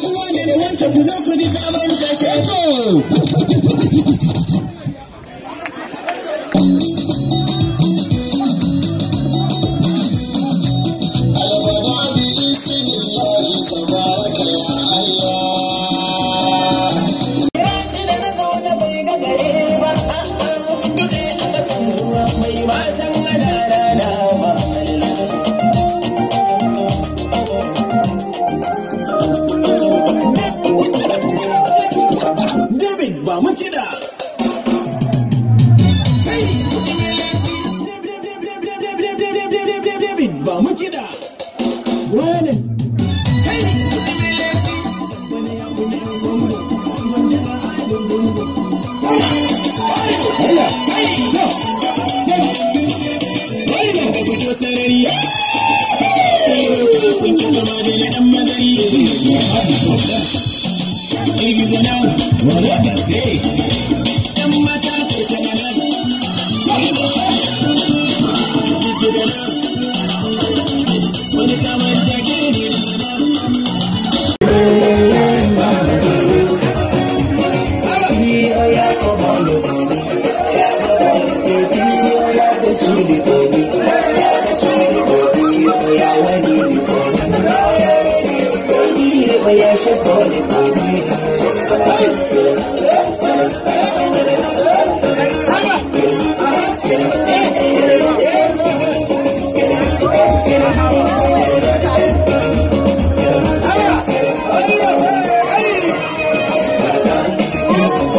Come want to pronounce for this album. I Look it Thank you.